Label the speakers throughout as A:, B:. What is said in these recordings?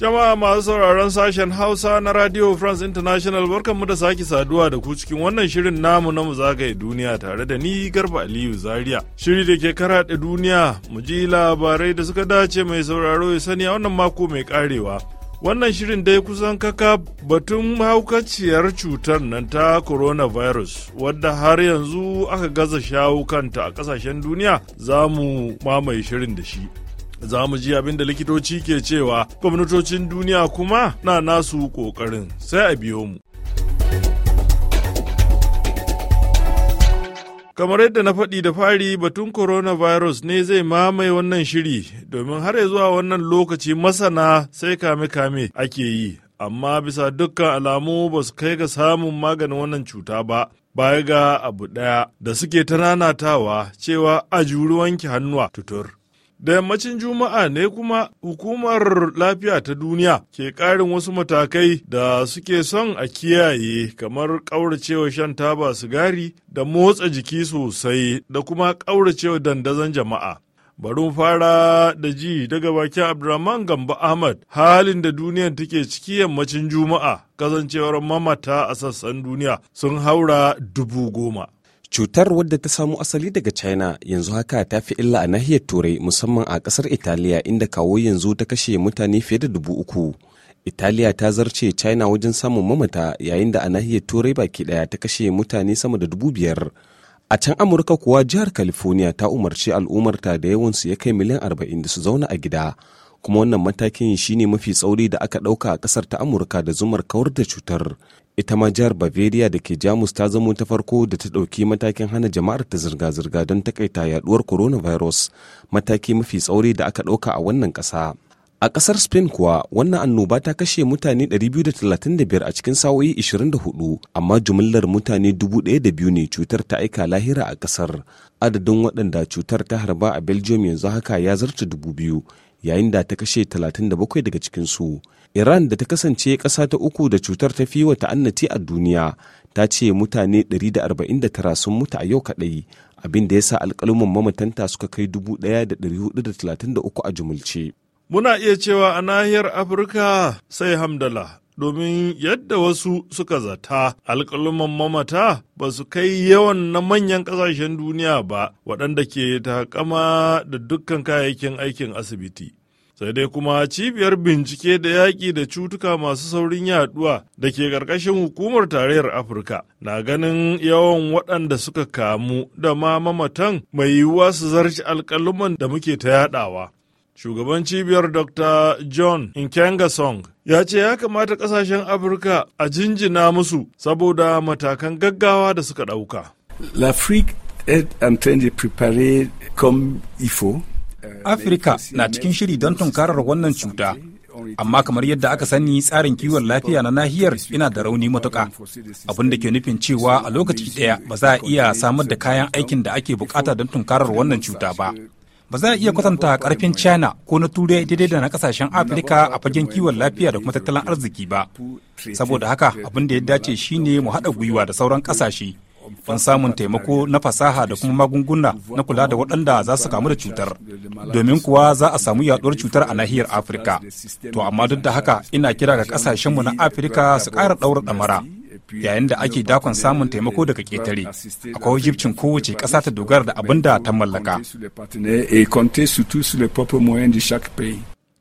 A: Jama'a masu sauraron sashen Hausa na Radio France International mu da sake saduwa da ku cikin wannan shirin namu na mu zagaye duniya tare da ni Garba Aliyu Zaria. Shiri da ke karaɗe duniya mu ji labarai da suka dace mai sauraro ya sani a wannan mako mai karewa. Wannan shirin dai kusan kaka batun haukaciyar cutar nan ta coronavirus wadda har yanzu aka gaza shawo kanta a ƙasashen duniya za mu mamaye shirin da shi. za mu ji abin da likitoci ke cewa gwamnatocin duniya kuma na nasu ƙoƙarin sai a biyo mu. kamar yadda na faɗi da fari batun coronavirus ne zai mamaye wannan shiri domin har zuwa wannan lokaci masana sai kame-kame ake yi amma bisa dukkan alamu ba su kai ga samun maganin wannan cuta ba baya ga abu ɗaya da suke ta cewa a juri wanke hannuwa tutur Da yammacin Juma'a ne kuma hukumar lafiya ta duniya ke ƙarin wasu matakai da suke son a kiyaye kamar ƙauracewa shan taba sigari da motsa jiki sosai da kuma ƙauracewa dandazon jama'a. Bari mu fara da ji daga bakin Abdurrahman Gamba Ahmad halin da duniyar take ciki yammacin Juma'a kasancewar mamata a sassan duniya sun haura dubu goma.
B: Cutar wadda ta samo asali daga China yanzu haka ta fi illa a nahiyar Turai musamman a kasar Italiya inda kawo yanzu ta kashe mutane fiye da dubu uku. Italiya ta zarce China wajen samun mamata yayin da a nahiyar Turai baki daya ta kashe mutane sama da dubu biyar. A can Amurka kuwa jihar California ta umarci al'ummarta da yawansu ya kai miliyan arba'in da su zauna a gida. kuma wannan matakin shine mafi tsauri da aka dauka a kasar ta amurka da zumar kawar da cutar ita ma jihar bavaria da ke jamus ta zamo ta farko da ta ɗauki matakin hana jama'ar ta zirga-zirga don takaita yaduwar coronavirus mataki mafi tsauri da aka ɗauka a wannan ƙasa a ƙasar spain kuwa wannan annoba ta kashe mutane 235 a cikin sa'o'i 24 amma jumlar mutane 1,200 ne cutar ta aika lahira a ƙasar adadin waɗanda cutar ta harba a belgium yanzu haka ya zarta 2,000 yayin da ta kashe 37 daga cikinsu. su Iran da ta kasance ƙasa ta uku da cutar ta fi wa ta'annati a duniya ta ce mutane 149 sun mutu a yau kaɗai abin da ya sa alƙalumin mamatanta suka kai 1,433 a jumulce.
A: Muna iya cewa a nahiyar Afirka sai hamdala. Domin yadda wasu suka zata alƙaluman mamata ba su kai yawan na manyan ƙasashen duniya ba waɗanda ke kama da dukkan kayayyakin aikin asibiti. sai dai kuma cibiyar bincike da yaƙi da cutuka masu saurin yaduwa da ke ƙarƙashin hukumar tarayyar afirka na ganin yawan waɗanda suka kamu da ma mamatan mai yiwuwa su zarci alƙaluman da muke ta yaɗawa, shugaban cibiyar dr john song ya ce ya kamata ƙasashen afirka a jinjina musu saboda matakan gaggawa da suka ɗauka
B: l'afrique est
A: Afirka
C: na cikin shiri don tunkarar wannan cuta, amma kamar yadda aka sani tsarin kiwon lafiya na nahiyar ina da rauni matuka abin da ke nufin cewa a lokaci ɗaya ba za a iya samar da kayan aikin da ake bukata don tunkarar wannan cuta ba. Ba za a iya kwatanta karfin China ko na Turai daidai da na kasashen Afirka a fagen kiwon lafiya da kuma tattalin arziki ba.
B: Saboda haka
C: abin da ya dace shine mu haɗa gwiwa da sauran ƙasashe. don samun taimako na fasaha da kuma magunguna na kula da waɗanda za su kamu da cutar domin kuwa za a samu yaɗuwar cutar a nahiyar afirka to amma duk da haka ina kira ga ƙasashenmu na afirka su ƙara ɗaura ɗamara yayin da ake dakon samun taimako daga ƙetare akwai wajibcin kowace ƙasa ta dogara da abin da ta mallaka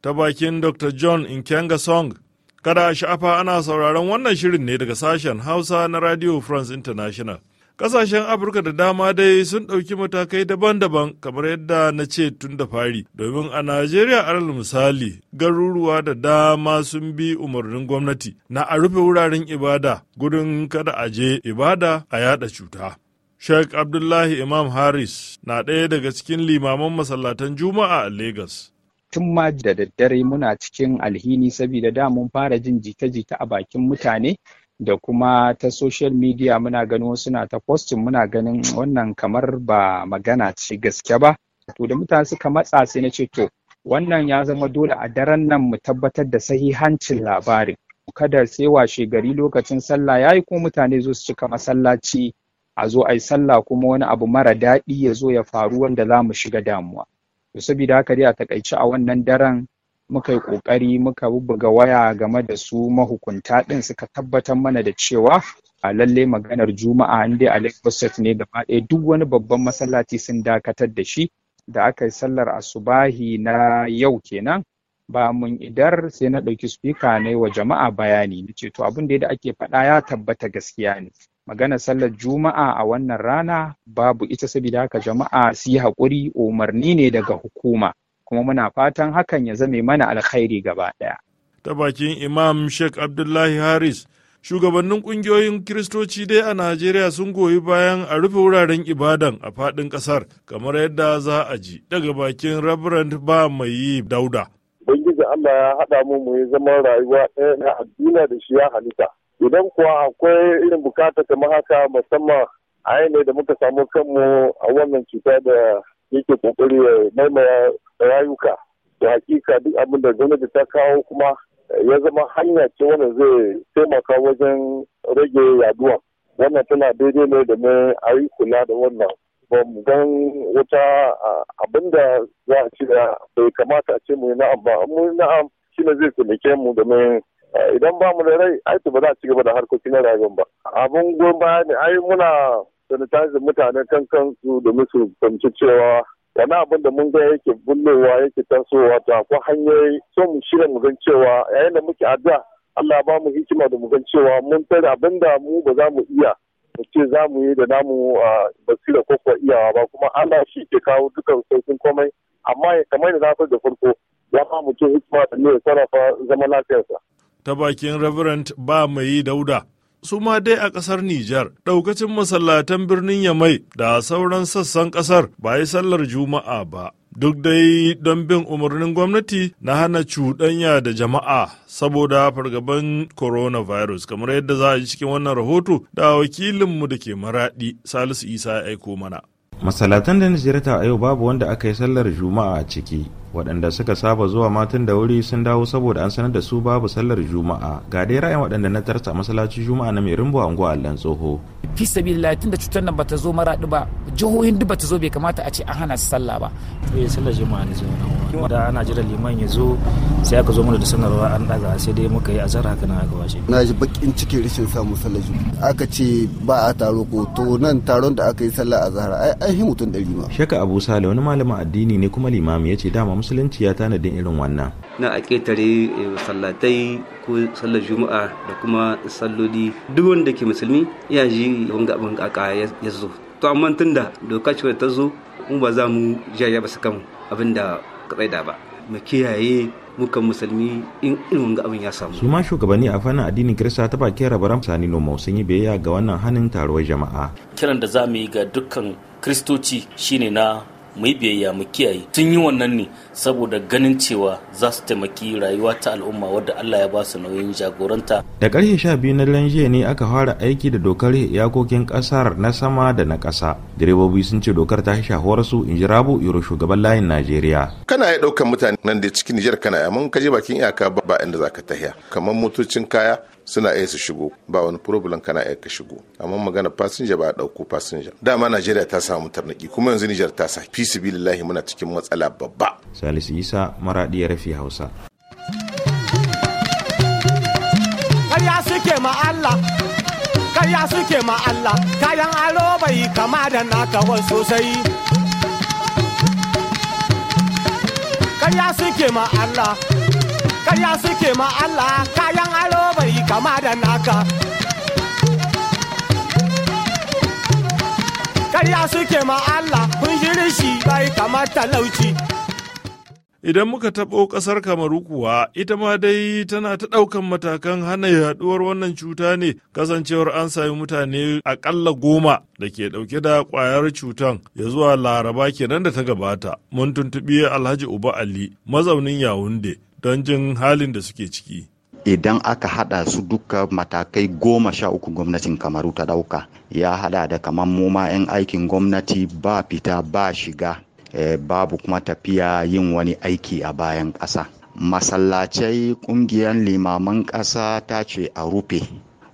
A: ta bakin dr john inkenga song kada a sha'afa ana sauraron wannan shirin ne daga sashen hausa na radio france international Ƙasashen Afirka da dama dai sun ɗauki matakai daban-daban kamar yadda na ce tun da fari. Domin a Najeriya alal misali garuruwa da dama sun bi umarnin gwamnati na a rufe wuraren ibada gudun kada a je ibada a yada cuta. Sheikh Abdullahi Imam Haris na ɗaya daga cikin limaman masallatan Juma'a a Legas.
D: Tun ma da daddare muna cikin alhini saboda da mun fara jin jita-jita a bakin mutane da kuma ta social media muna ganin wasu na ta posting muna ganin wannan kamar ba magana ce gaske ba to da mutane suka matsa sai na ce to wannan ya zama dole a daren nan mu tabbatar da sahihancin labarin kada sai washe gari lokacin sallah yayi ko mutane zo su cika masallaci a zo a yi sallah kuma wani abu mara daɗi ya zo ya faru wanda za mu shiga damuwa to saboda haka dai a takaici a wannan daren muka yi ƙoƙari muka bubbuga waya game da su mahukunta ɗin suka tabbatar mana da cewa a lalle maganar juma'a an dai a ne da ɗaya duk wani babban masallaci sun dakatar da shi da aka yi sallar asubahi na yau kenan ba mun idar sai na ɗauki spika na wa jama'a bayani na ce to abin da ake faɗa ya tabbata gaskiya ne maganar sallar juma'a a wannan rana babu ita saboda haka jama'a su yi haƙuri umarni ne daga hukuma kuma muna fatan hakan ya zame mana alkhairi gaba ɗaya.
A: Ta bakin Imam Sheikh Abdullahi Haris, shugabannin ƙungiyoyin Kiristoci dai a Najeriya sun goyi bayan a rufe wuraren ibadan a faɗin ƙasar, kamar yadda za a ji daga bakin Reverend ba mai yi dauda.
E: Ubangiji Allah ya haɗa mu mu yi zaman rayuwa ɗaya na addina da shi ya halitta. Idan kuwa akwai irin bukata kamar haka musamman a yanayi da muka samu kanmu a wannan cuta da yake kokari ya maimaya rayuka da hakika duk abin da gwamnati ta kawo kuma ya zama hanya ce wanda zai taimaka wajen rage yaduwa wannan tana daidai ne da mai ayi kula da wannan ba mu gan wata abin da za a ce bai kamata a ce mu na'am ba mu na'am shi ne zai taimake mu da mai idan ba mu da rai aiki ba za a ci gaba da harkokin na rayuwar ba abin goyon baya ne ai muna sanitizing mutane kan kansu domin su fahimci cewa wani abin da mun ga yake bullowa yake tasowa to akwai hanyoyi so mu shirya mu cewa yayin da muke addu'a Allah ba mu hikima da mu cewa mun tare abin mu ba za mu iya mu ce za mu yi da namu basira ko kuwa iyawa ba kuma Allah shi ke kawo dukan sauƙin komai amma kamar da zafi da farko ya ba ce hikima da ne sarrafa zaman lafiyarsa.
A: Ta bakin Reverend ba mai yi dauda. su ma dai a ƙasar Nijar, ɗaukacin masallatan birnin Yamai da sauran sassan ƙasar ba yi sallar Juma'a ba. Duk dai don bin umarnin gwamnati na hana cuɗanya da jama'a saboda fargaban coronavirus kamar yadda za a yi cikin wannan rahoto da wakilinmu da ke maraɗi Salisu Isa ya aiko mana.
F: Masallatan da na ziyarta a yau babu wanda aka yi sallar Juma'a a ciki, waɗanda suka saba zuwa matan da wuri sun dawo saboda an sanar da su babu sallar juma'a ga dai ra'ayin waɗanda na tarsa masallacin juma'a na mai rumbu a unguwa tsoho
C: fi sabilillah tun da cutar nan bata zo maraɗi
G: ba jihohin duk bata zo bai kamata a ce an hana su sallah ba eh, sallar juma'a ne zo da ana jira liman ya zo sai aka zo mana da sanarwa an daga sai dai muka yi azar haka nan aka washe na ji bakin cikin rashin samu sallar aka ce ba a taro ko to nan taron da aka yi sallar azhar ai ai hi mutum ɗari ma
F: shaka abu sale wani malamin addini ne kuma limami ya ce dama musulunci ya tanadin irin wannan
H: na a ƙetare eh, sallatai ko sallar juma'a da kuma salloli duk wanda ke musulmi ya ji wanga abin kaka ya zo to amma tunda doka ce ta zo mu ba za mu jaya ba su kan abinda ka ba
G: mu kiyaye mukan musulmi in ilmin ga abin ya samu
F: su ma shugabanni a fannin addinin kirista ta bakin rabaram sani noma sun yi biyayya ga wannan hannun taruwar jama'a
G: kiran da za mu yi ga dukkan kristoci shine na mu yi biyayya mu kiyaye sun yi wannan ne saboda ganin cewa za su taimaki rayuwa ta al'umma wadda Allah ya ba su nauyin jagoranta
F: da ƙarshe sha biyu na lanje ne aka fara aiki da dokar yakokin ƙasar na sama da na ƙasa direbobi sun ce dokar ta shahuwar su in ji rabu iro shugaban layin Najeriya
I: kana ya ɗaukar mutane nan da cikin Nijar kana ya mun je bakin iyaka ba inda zaka tahiya kamar motocin kaya suna iya su shigo ba wani problem kana iya ka shigo amma magana fasinja ba a ɗauko fasinja dama najeriya ta samu tarnaki kuma yanzu nijar ta sa fi sibilillahi muna cikin matsala babba salisu isa maraɗi rafi hausa
J: karya
B: suke ma allah karya suke ma allah kayan alo bai kama da naka wasu sosai karya suke ma allah karya suke ma Allah kayan aro bai kama da naka karya suke ma Allah kun shiri shi bai kama talauci
A: Idan muka taɓo ƙasar Kamaru kuwa, ita ma dai tana ta ɗaukan matakan hana yaɗuwar wannan cuta ne, kasancewar an sami mutane aƙalla goma da ke ɗauke da ƙwayar cutan ya zuwa laraba kenan da ta gabata. Mun tuntuɓi Alhaji Uba Ali, mazaunin Yawunde, don jin halin da suke ciki.
J: Idan aka hada su duka matakai goma sha uku gwamnatin Kamaru ta dauka ya hada da kamar mu 'yan aikin gwamnati ba fita ba shiga eh, babu kuma tafiya yin wani aiki a bayan ƙasa. Masallacai ƙungiyar limaman ƙasa ta ce a rufe.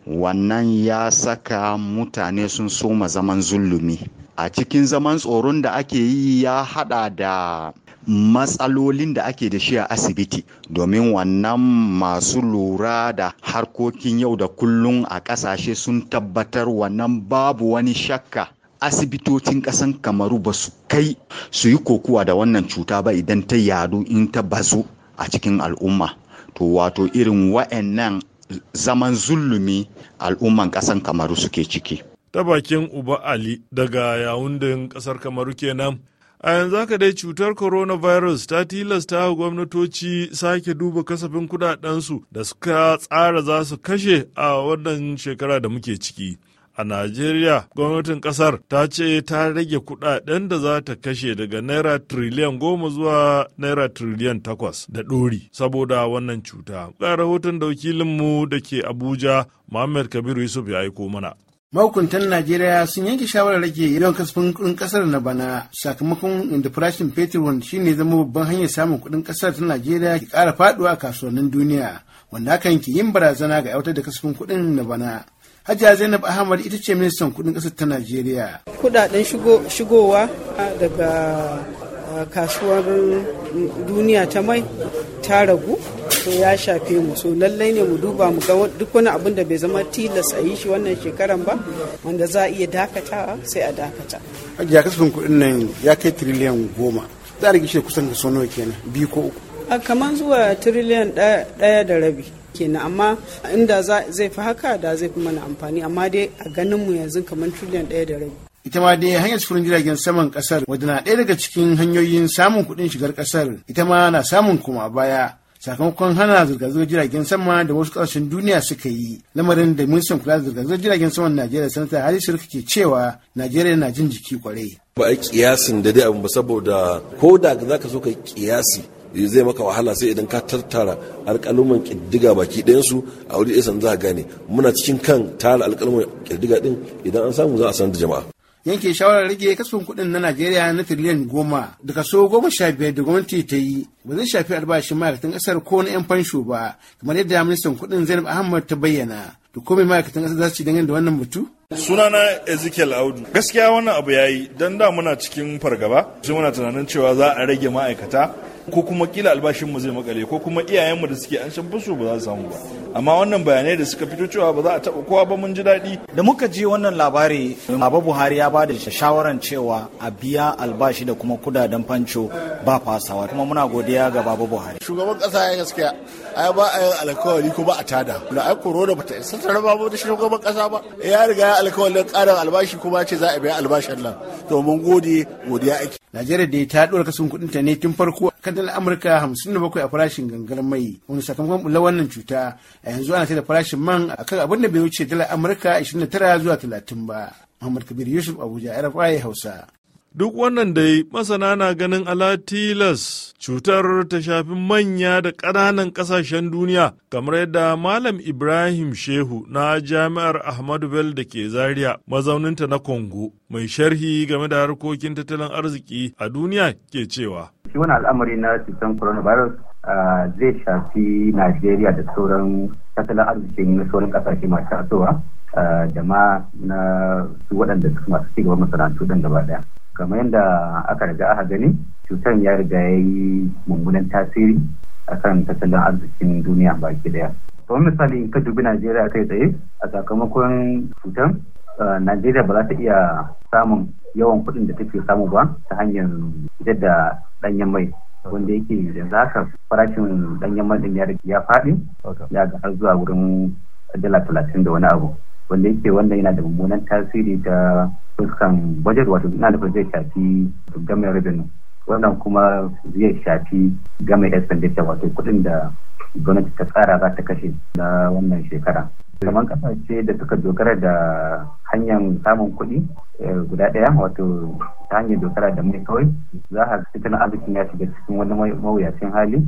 J: Wannan ya saka mutane sun soma zaman zulumi. A cikin zaman tsoron da ake yi ya hada da matsalolin da ake da shi a asibiti domin wannan masu lura da harkokin yau da kullun a ƙasashe sun tabbatar wannan babu wani shakka asibitocin ƙasan kamaru ba su kai su yi kokuwa da wannan cuta ba idan ta yadu in ta bazu a cikin al'umma to wato irin wa'annan zaman zulumi al'umman ƙasan kamaru suke ciki
A: ta bakin uba ali daga yawun kasar kamaru kenan a yanzu haka dai cutar coronavirus ta tilasta wa gwamnatoci sake duba kasafin kudadensu da suka tsara za su kashe a wannan shekara da muke ciki a najeriya gwamnatin kasar ta ce ta rage kudaden da za ta kashe daga naira triliyan goma zuwa naira triliyan takwas da ɗori saboda wannan cuta ga rahoton da wakilinmu da ke abuja muhammad kabiru yusuf ya aiko mana
I: mahukuntan najeriya sun yanke shawarar rage yawan kasafin kudin kasar na bana sakamakon inda farashin fetur wanda shine zama babban hanyar samun kudin kasar ta najeriya ke kara faduwa a kasuwannin duniya wanda hakan yanke yin barazana ga yautar da kasafin kudin na bana Hajiya Zainab Ahmad ita ce ministan kudin kasar ta Najeriya. Kudaden
H: shigowa daga eh, kasuwar duniya ta mai ta ragu so ya shafe mu so lallai ne mu duba mu ga duk wani abin da bai zama tilas a yi shi wannan shekaran ba wanda za a iya dakatawa sai a dakata.
I: Ya kasafin kuɗin nan ya kai tiriliyan goma za a rikishe kusan da nawa kenan bi ko uku.
H: A kaman zuwa tiriliyan ɗaya da rabi kenan amma inda zai fi haka da zai fi mana amfani amma dai a ganin mu yanzu kamar tiriliyan ɗaya da rabi.
I: ita ma dai hanyar sufurin jiragen saman kasar wadda na ɗaya daga cikin hanyoyin samun kuɗin shigar kasar ita ma na samun kuma baya sakamakon hana zirga-zirgar jiragen sama da wasu ƙasashen duniya suka yi lamarin da ministan kula da zirga-zirgar jiragen sama saman najeriya sanata hali shirka ke cewa najeriya na jin jiki
A: kwarai ba a kiyasin da dai abu ba saboda ko da za ka so ka kiyasi zai maka wahala sai idan ka tattara alƙaluman ƙiddiga baki ɗayansu a wuri isan za a gane muna cikin kan tara alƙaluman ƙirdiga ɗin idan an samu za a sanar da jama'a
I: yanke shawarar rage kasafin kuɗin na Najeriya na tiriliyan goma da kaso goma sha biyar da gwamnati ta yi ba zai shafi albashin ma'aikatan ƙasar ko na 'yan fansho ba kamar yadda ministan kuɗin Zainab Ahmad ta bayyana. To ko mai ma'aikatan ƙasar za su ci dangane da wannan batu?
A: Sunana Ezekiel Audu. Gaskiya wannan abu ya yi don da muna cikin fargaba sai muna tunanin cewa za a rage ma'aikata ko kuma kila albashin mu zai makale ko kuma iyayenmu da suke an shamfi su ba za su samu ba amma wannan bayanai da suka fito cewa ba za a taba kowa ba mun ji daɗi da muka ji wannan labari baba buhari ya bada shawaran
J: cewa a biya albashi da kuma kudaden fanco ba fasawa kuma muna godiya ga baba buhari shugaban kasa ya gaskiya ai ba a yin alkawari ko ba a tada da ai corona bata
I: isa ta raba mu da shugaban kasa ba ya riga ya alkawarin karin albashi kuma ce za a biya albashin nan to mun gode godiya ake Najeriya da ta dora kasan kuɗin ta ne tun farko kan dalar Amurka 57 a farashin gangar mai wani sakamakon bulla wannan cuta a yanzu ana da farashin man kan abin da bai wuce dalar Amurka 29 zuwa 30 ba. Muhammad Kabir Yusuf Abuja RFI
A: Hausa. Duk wannan dai masana na ganin alatilas cutar ta shafi manya da ƙananan ƙasashen duniya kamar yadda Malam Ibrahim Shehu na Jami'ar Ahmadu bel da ke Zaria mazauninta na Kongo mai sharhi game da harkokin tattalin arziki a duniya ke cewa. Shi wani al'amari na cutar coronavirus
K: zai shafi Najeriya da sauran tattalin arzikin na sauran ƙasashe masu tasowa. jama'a na su waɗanda suka masu cigaba masana'antu ɗan gaba ɗaya. kamar yadda aka riga aka gani cutar ya riga ya yi mummunan tasiri akan tattalin arzikin duniya baki daya kamar misali in ka dubi najeriya kai tsaye a sakamakon cutar najeriya ba za ta iya samun yawan kuɗin da take samu ba ta hanyar fitar da ɗanyen mai wanda yake yanzu haka farashin ɗanyen mai ɗin ya faɗi ya ga har zuwa wurin dala talatin da wani abu wanda yake wanda yana da mummunan tasiri ta fuskan budget wato ina nufin zai shafi game revenue wannan kuma zai shafi game expenditure wato kuɗin da gwamnati ta tsara za ta kashe na wannan shekara kamar kasashe da suka dogara da hanyar samun kuɗi eh, guda ɗaya wato ta hanyar dogara da mai kawai za a tattalin arzikin ya shiga cikin wani mawuyacin
A: hali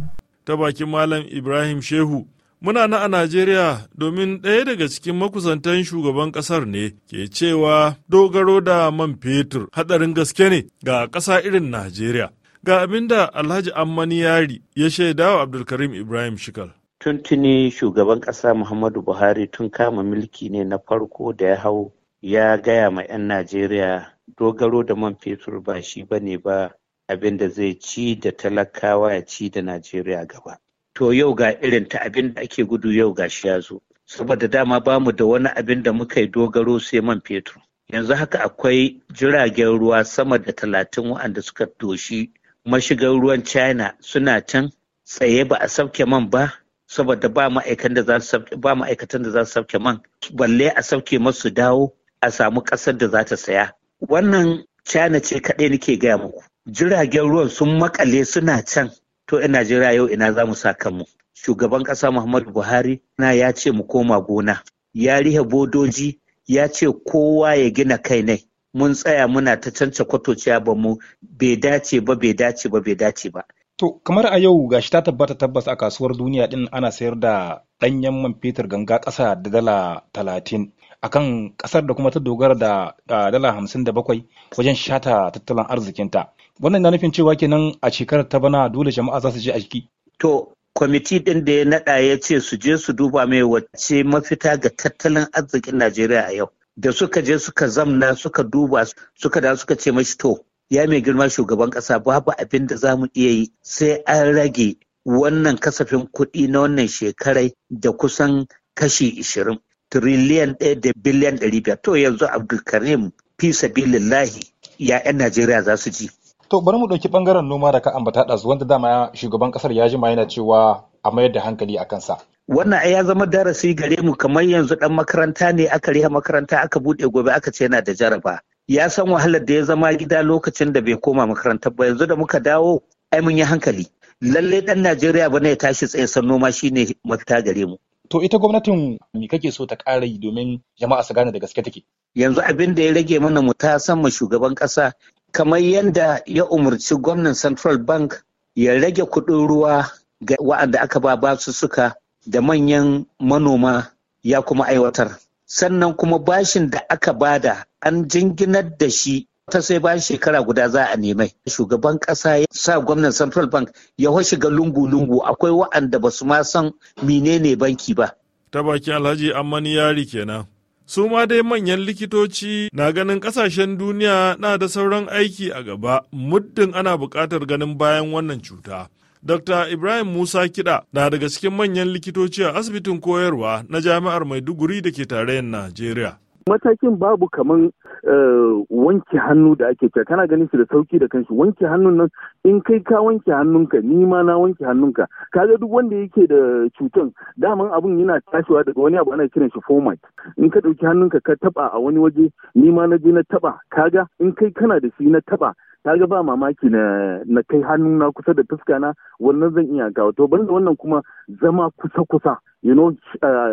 A: ta bakin malam ibrahim shehu Muna na a Najeriya domin ɗaya daga cikin makusantan shugaban ƙasar ne ke cewa dogaro da man fetur haɗarin gaske ne ga ƙasa irin Najeriya. Ga abin da Alhaji Ammani Yari ya shaida wa Abdulkarim Ibrahim Shikal.
G: Tuntuni shugaban ƙasa Muhammadu Buhari tun kama milki ne na farko da ya hau ya gaya ma 'yan Najeriya dogaro da man fetur ba shi ba ne ba abin da zai ci da talakawa ya ci da Najeriya gaba. to yau ga irin ta abin da ake gudu yau ga shi ya zo saboda dama ba mu da wani abin da muka yi dogaro sai man fetur yanzu haka akwai jiragen ruwa sama da talatin waɗanda suka doshi mashigar ruwan china suna can tsaye ba a sauke man ba saboda ba ma'aikatan da za su sauke man balle a sauke masu dawo a samu ƙasar da za ta saya wannan china ce kaɗai nake gaya muku jiragen ruwan sun makale suna can to 'yan Najeriya yau ina za mu sa kanmu. Shugaban ƙasa Muhammadu Buhari na ya ce mu koma gona, ya rihe bodoji ya ce kowa ya gina kai ne. Mun tsaya muna ta canca kwatociya ba mu bai dace ba bai dace ba bai dace ba. To
C: kamar a yau gashi ta tabbata tabbas a kasuwar duniya din ana sayar da ɗanyen man fetur ganga ƙasa da dala talatin akan ƙasar da kuma ta dogara da dala hamsin da bakwai wajen shata tattalin arzikinta. wannan na nufin cewa kenan a shekarar ta bana dole jama'a za su je a jiki
G: to kwamiti ɗin da ya naɗa ya ce su je su duba mai wacce mafita ga tattalin arzikin najeriya a yau da suka je suka zamna suka duba suka da suka ce mashi to ya mai girma shugaban ƙasa, babu abin da za mu iya yi sai an rage wannan kasafin kuɗi na wannan shekarai da kusan kashi ishirin tiriliyan ɗaya da biliyan ɗari biyar to yanzu abdulkarim fi sabilillahi ya 'yan najeriya za su ji
C: To bari mu ɗauki ɓangaren noma da ka ambata ɗazu wanda dama shugaban ƙasar ya jima yana cewa a mayar da hankali a kansa.
G: Wannan ya zama darasi gare mu kamar yanzu dan makaranta ne aka riha makaranta aka buɗe gobe aka ce yana da jaraba. Ya san wahalar da ya zama gida lokacin da bai koma makaranta ba yanzu da muka dawo ai mun yi hankali. Lallai dan Najeriya bana ya tashi tsaye san noma shine mafita gare mu.
C: To ita gwamnatin me kake so ta ƙara yi domin jama'a su gane da gaske take?
G: Yanzu abin da ya rage mana mu ta san mu shugaban ƙasa kamar yadda ya umarci gwamnan central bank ya rage kuɗin ruwa ga wa'anda aka ba basu suka da manyan manoma ya kuma aiwatar sannan kuma bashin da aka bada an jinginar da shi ta sai bayan shekara guda za a nemai shugaban kasa ya sa gwamnan central bank ya shiga lungu-lungu akwai wa'anda ba su ma san menene banki ba
A: ta baki alhaji amman yari kenan su ma dai manyan likitoci na ganin kasashen duniya na da sauran aiki a gaba muddin ana buƙatar ganin bayan wannan cuta. Dr. Ibrahim Musa Kiɗa na daga cikin manyan likitoci a asibitin koyarwa na Jami'ar Maiduguri da ke tarayyar Najeriya.
E: matakin babu kamar eh, wanke hannu da ake cewa kana ganin shi da sauki da kanshi wanke hannun nan in kai ka wanke hannunka ni ma na wanke hannunka kaga duk wanda yake da cutan daman abun yana tashiwa daga wani abu ana kiran shi format in ka dauki hannunka ka taba a wani waje ni ma na je na taba kaga in kai kana da shi na taba ta ga ba mamaki na kai hannu na kusa da fuska na wannan zan iya kawo to banda wannan kuma zama kusa kusa you know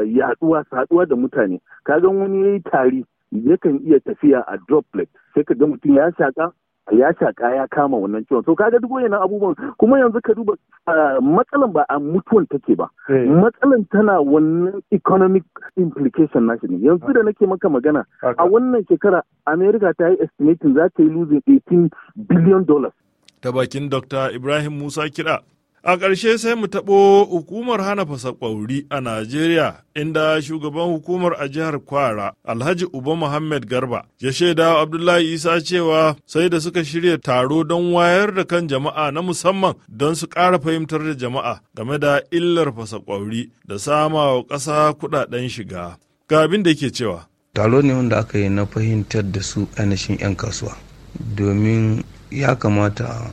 E: yaduwa saduwa da mutane kaga wani yayi tari yakan iya tafiya a droplet sai ka ga mutum ya shaka ya shaka ya kama wannan ciwon so kaga duk wayannan abubuwan kuma yanzu ka duba matsalan ba a mutuwan take ba eh. matsalan tana wannan economic implication nashi ne yanzu da nake maka magana a wannan shekara america ta yi estimating za ta yi losing 18
A: billion dollars ta bakin dr ibrahim musa kira A ƙarshe sai mu taɓo hukumar hana fasakwauri a Najeriya inda shugaban hukumar a jihar Kwara Alhaji Uba Muhammad Garba ya shaida Abdullahi Isa cewa sai da suka shirya taro don wayar da kan jama'a na musamman don su ƙara fahimtar da jama'a game da illar fasakwauri da sama wa ƙasa kuɗaɗen shiga. Ga abin da yake cewa.
H: Taro ne wanda aka yi na fahimtar da su ainihin 'yan kasuwa domin ya kamata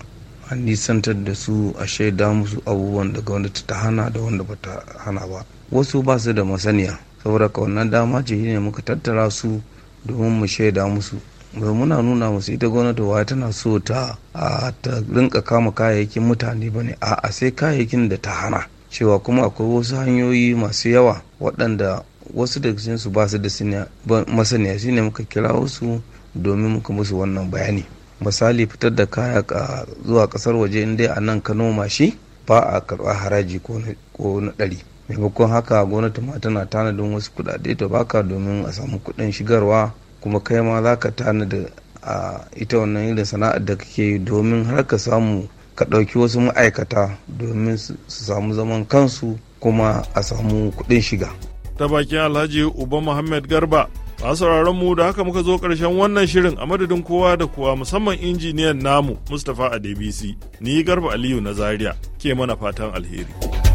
H: an nisantar da su a shaida musu abubuwan daga wanda ta hana da wanda ba ta hana ba wasu ba su da masaniya saboda ka wannan dama ce ne muka tattara su domin mu shaida musu bai muna nuna musu ita gwamnati wa tana so ta ta rinka kama kayayyakin mutane ba ne a'a sai kayayyakin da ta hana cewa kuma akwai wasu hanyoyi masu yawa waɗanda wasu daga cikinsu ba su da masaniya shine muka kira wasu domin muka musu wannan bayani misali fitar da kaya zuwa kasar waje in a nan ka noma shi ba a karɓa haraji ko na ɗari maimakon haka gwamnati ma tana tanadin wasu kuɗaɗe ta baka domin a samu kuɗin shigarwa kuma kai ma za ka tanada a ita wannan irin sana'ar da kake yi domin har ka samu ka ɗauki wasu ma'aikata domin su samu zaman kansu kuma a samu kuɗin shiga
A: ta bakin alhaji uba muhammad garba masu sauraron mu da haka muka zo ƙarshen wannan shirin a madadin kowa da kowa musamman injiniyan namu mustapha adebisi ni garba aliyu na zaria ke mana fatan alheri.